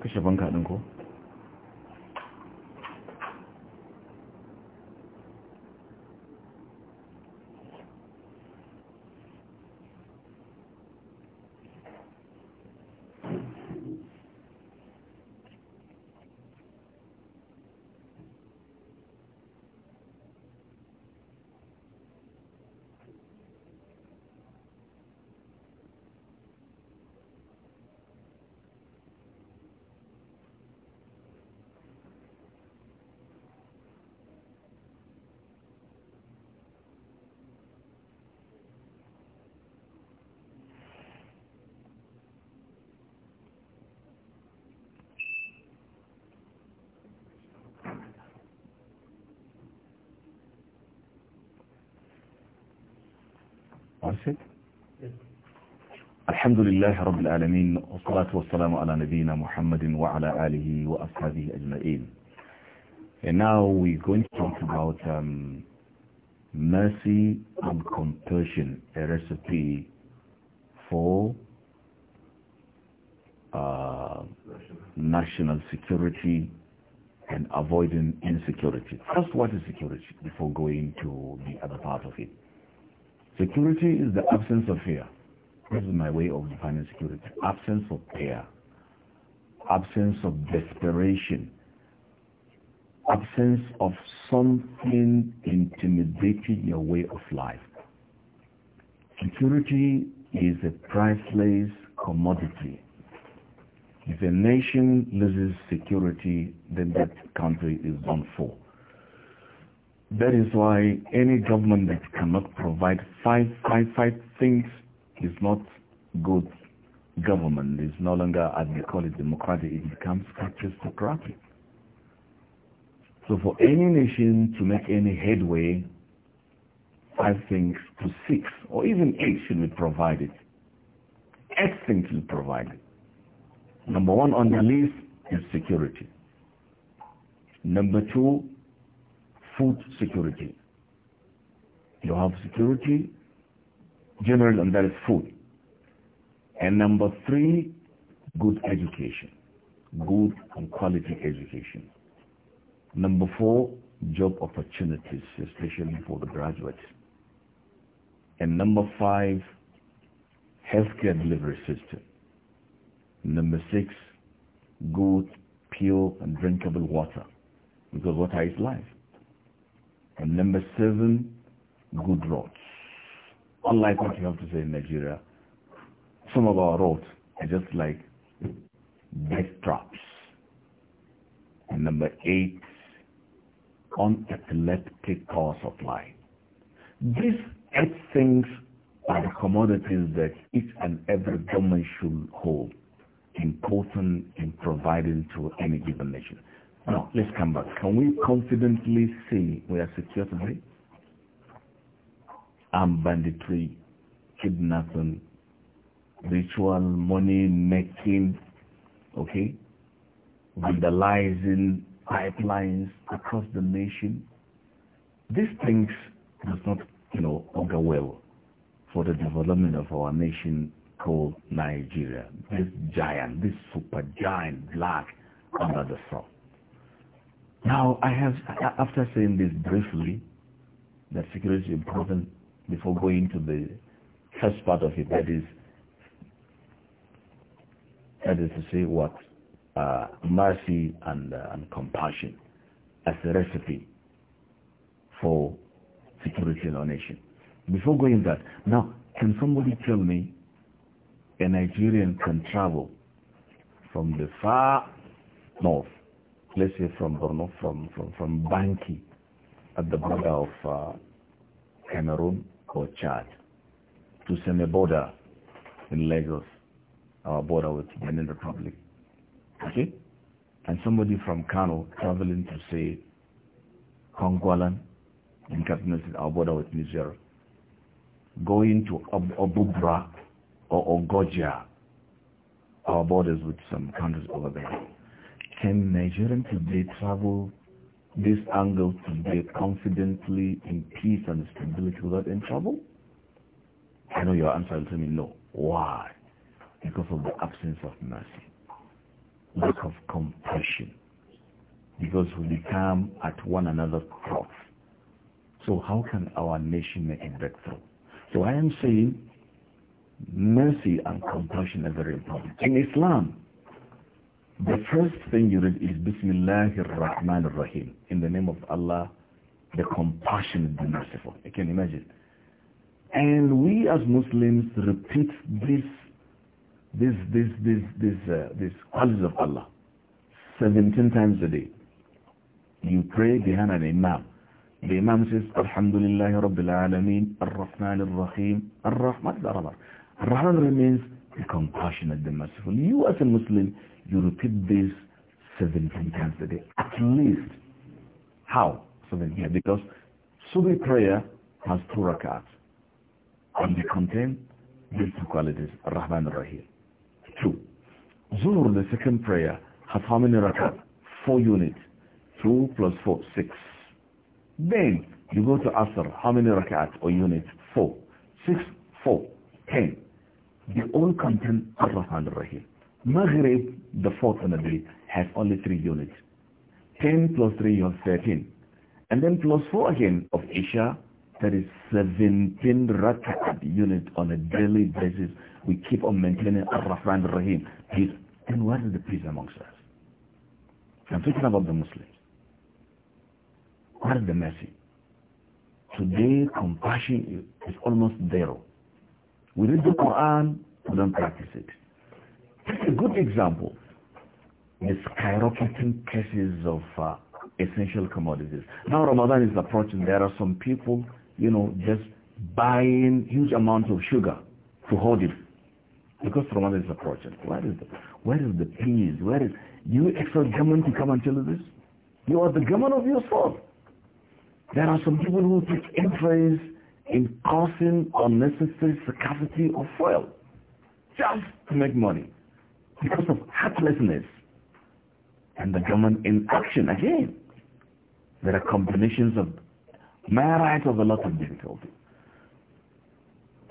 kashe banka ɗin ko? الحمد لله رب العالمين والصلاة والسلام على نبينا محمد وعلى آله وأصحابه أجمعين And now we're going to talk about um, mercy and compassion, a recipe for uh, national security and avoiding insecurity. First, what is security before going to the other part of it? Security is the absence of fear. This is my way of defining security. Absence of fear. Absence of desperation. Absence of something intimidating your way of life. Security is a priceless commodity. If a nation loses security, then that country is done for. That is why any government that cannot provide five, five, five things is not good government. It's no longer, as we call it, democratic. It becomes aristocratic. So for any nation to make any headway, five things to six, or even eight should be provided. Eight things should be provided. Number one on the list is security. Number two food security. You have security, general, and that is food. And number three, good education. Good and quality education. Number four, job opportunities, especially for the graduates. And number five, healthcare delivery system. Number six, good, pure and drinkable water. Because water is life. And number seven, good roads. Unlike what you have to say in Nigeria, some of our roads are just like death traps. And number eight, unepileptic course of life. These eight things are the commodities that each and every government should hold important in providing to any given nation. Now, let's come back. Can we confidently say we are secure today? Armed banditry, kidnapping, ritual money making, okay, vandalizing pipelines across the nation. These things does not, you know, augur well for the development of our nation called Nigeria. This giant, this super giant black under the sun. Now, I have, after saying this briefly, that security is important before going to the first part of it, that is, that is to say what? Uh, mercy and, uh, and compassion as a recipe for security in our nation. Before going that, now, can somebody tell me a Nigerian can travel from the far north let's say from Borno, from, from, from Banki at the border of uh, Cameroon or Chad to Seme border in Lagos, our border with Benin Republic. Okay? And somebody from Kano traveling to say Kongwalan in Katsina our border with Niger, going to Ob or Ogoja, our borders with some countries over there can Nigerians today travel this angle today confidently in peace and stability without any trouble? I know your answer will tell me no. Why? Because of the absence of mercy, lack of compassion, because we become at one another's cross. So how can our nation make a breakthrough? So I am saying mercy and compassion are very important. In Islam, the first thing you read is Bismillahir Rahmanir Rahim. In the name of Allah, the compassionate, the merciful. You can imagine. And we as Muslims repeat this, this, this, this, this, uh, this qualities of Allah 17 times a day. You pray behind an imam. The imam says, Alhamdulillah Rabbil Alameen, Ar-Rahman Ar-Rahim, Ar-Rahman Ar-Rahman. Ar-Rahman means the compassionate, the merciful. You as a Muslim, you repeat this 17 times a day. At least. How? 17. Yeah, because Subi prayer has two rakats. And they contain these two qualities, Rahman and Rahim. Two. Zuhur, the second prayer, has how many rakat? Four units. Two plus four, six. Then you go to Asr, how many rakat or units? Four. Six, four, ten. They all contain Ar-Rahman rahim Maghrib, the fourth Hanafi, has only three units. 10 plus 3 is 13. And then plus 4 again of Isha, that is 17 rakat unit on a daily basis. We keep on maintaining Ar-Rahman Ar-Rahim, peace. And what is the peace amongst us? I'm talking about the Muslims. What is the mercy? Today, compassion is almost zero. We read the Quran, we don't practice it. It's a good example. The skyrocketing prices of uh, essential commodities. Now Ramadan is approaching. There are some people, you know, just buying huge amounts of sugar to hold it because Ramadan is approaching. Where is the, where is the peace? Where is you expect government to come and tell you this? You are the government of yourself. There are some people who take interest in causing unnecessary scarcity of oil just to make money because of heartlessness and the government inaction again. There are combinations of merit of a lot of difficulty.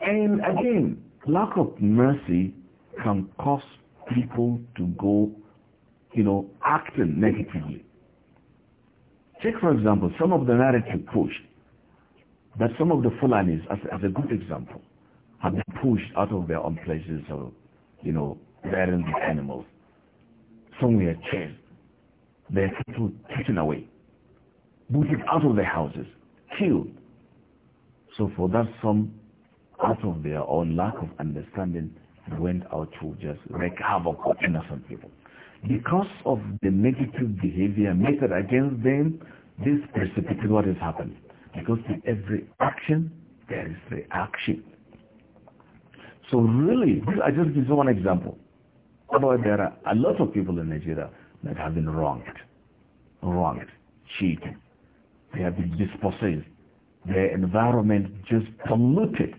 And again, lack of mercy can cause people to go, you know, acting negatively. Take, for example, some of the narrative pushed that some of the Fulanis, as, as a good example, have been pushed out of their own places or, you know, in the animals. Somewhere chased. Their cattle taken away. Booted out of their houses. Killed. So for that some, out of their own lack of understanding, went out to just wreak havoc on innocent people. Because of the negative behavior method against them, this precipitated what has happened. Because in every action, there is reaction. So really, I just give you one example. About there are a lot of people in Nigeria that have been wronged, wronged, cheated. They have been dispossessed. Their environment just polluted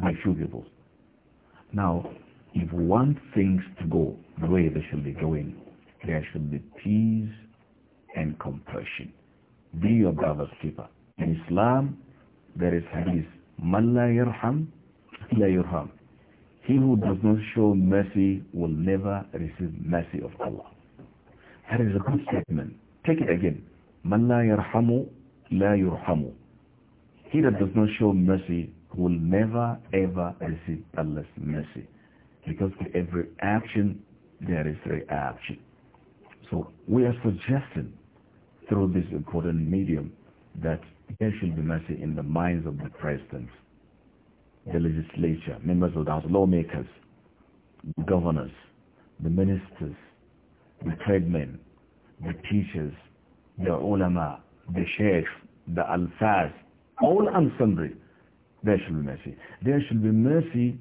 by few people. Now, if we want things to go the way they should be going, there should be peace and compassion. Be your brother's keeper. In Islam, there is hadith, Man la yarham, la yurham. He who does not show mercy will never receive mercy of Allah. That is a good statement. Take it again. Man la yarhamu, la yurhamu. He that does not show mercy will never ever receive Allah's mercy. Because for every action, there is reaction. So we are suggesting through this important medium that there should be mercy in the minds of the presidents the legislature, members of the House, lawmakers, the governors, the ministers, the men, the teachers, the ulama, the sheikh, the alfaz, all and sundry there should be mercy. There should be mercy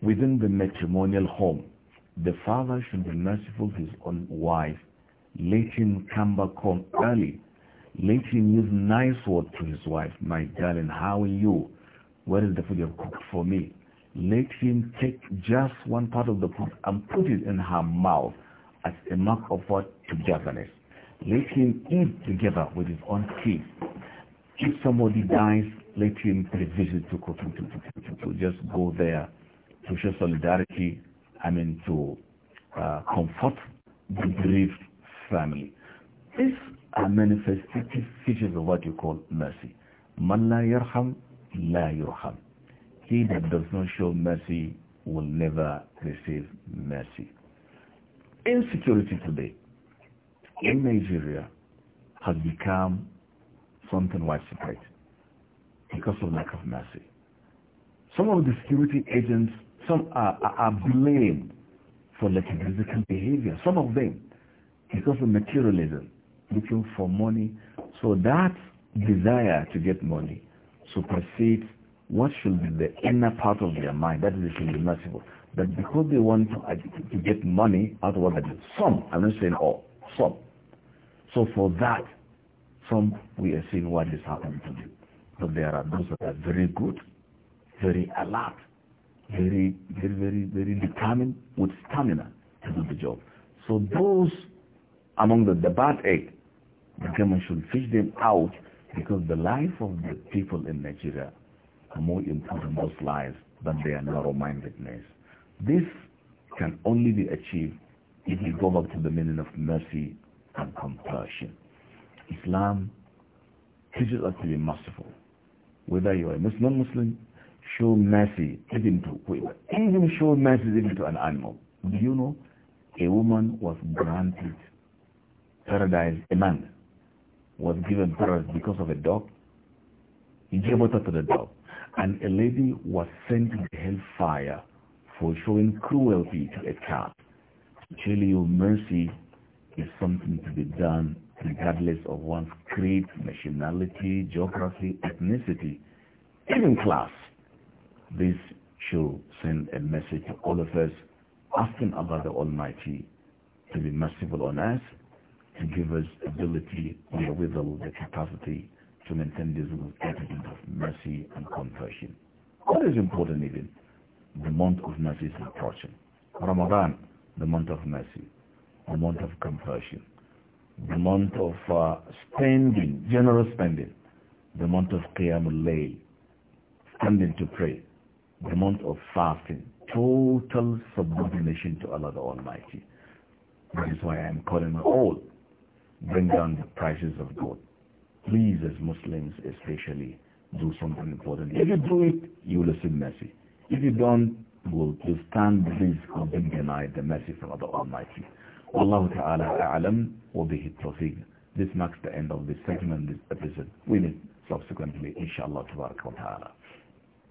within the matrimonial home. The father should be merciful to his own wife. Let him come back home early. Let him use nice words to his wife. My darling, how are you? Where is the food you have cooked for me? Let him take just one part of the food and put it in her mouth as a mark of what togetherness. Let him eat together with his own teeth. If somebody dies, let him pay visit to, to, to, to, just go there to show solidarity, I mean to uh, comfort the bereaved family. These are manifestative features of what you call mercy. Man la yarham la yurham. He that does not show mercy will never receive mercy. Insecurity today in Nigeria has become something widespread because of lack of mercy. Some of the security agents, some are, are blamed for lackadaisical behavior, some of them because of materialism, looking for money. So that desire to get money supersede what should be the inner part of their mind. That is the merciful. But because they want to, uh, to get money out of what they do. Some, I'm not saying all, some. So for that, some we are seeing what is happening to them. But there are those that are very good, very alert, very, very, very, very determined with stamina to do the job. So those among the, the bad eight, the government should fish them out because the life of the people in Nigeria are more important those lives than their narrow-mindedness. This can only be achieved if we go back to the meaning of mercy and compassion. Islam teaches us to be merciful. Whether you are a Muslim, show mercy even to Even show mercy even to an animal. Do you know a woman was granted paradise, a man was given birth because of a dog. He gave birth to the dog. And a lady was sent to hellfire for showing cruelty to a cat. Surely your mercy is something to be done regardless of one's creed, nationality, geography, ethnicity, even class. This should send a message to all of us asking about the Almighty to be merciful on us to give us ability, and the capacity to maintain this attitude of mercy and conversion. What is important even? The month of mercy is approaching. Ramadan, the month of mercy, the month of conversion, the month of uh, spending, generous spending, the month of Qiyamul Layl, standing to pray, the month of fasting, total subordination to Allah the Almighty. That is why I am calling all bring down the prices of gold. Please, as Muslims especially, do something important. If you do it, you will receive mercy. If you don't, you stand the risk of being denied the mercy from the Almighty. Wallahu ta'ala a'lam wa bihi tawfiq. This marks the end of this segment, this episode. We will subsequently, inshallah, tabarak wa ta'ala.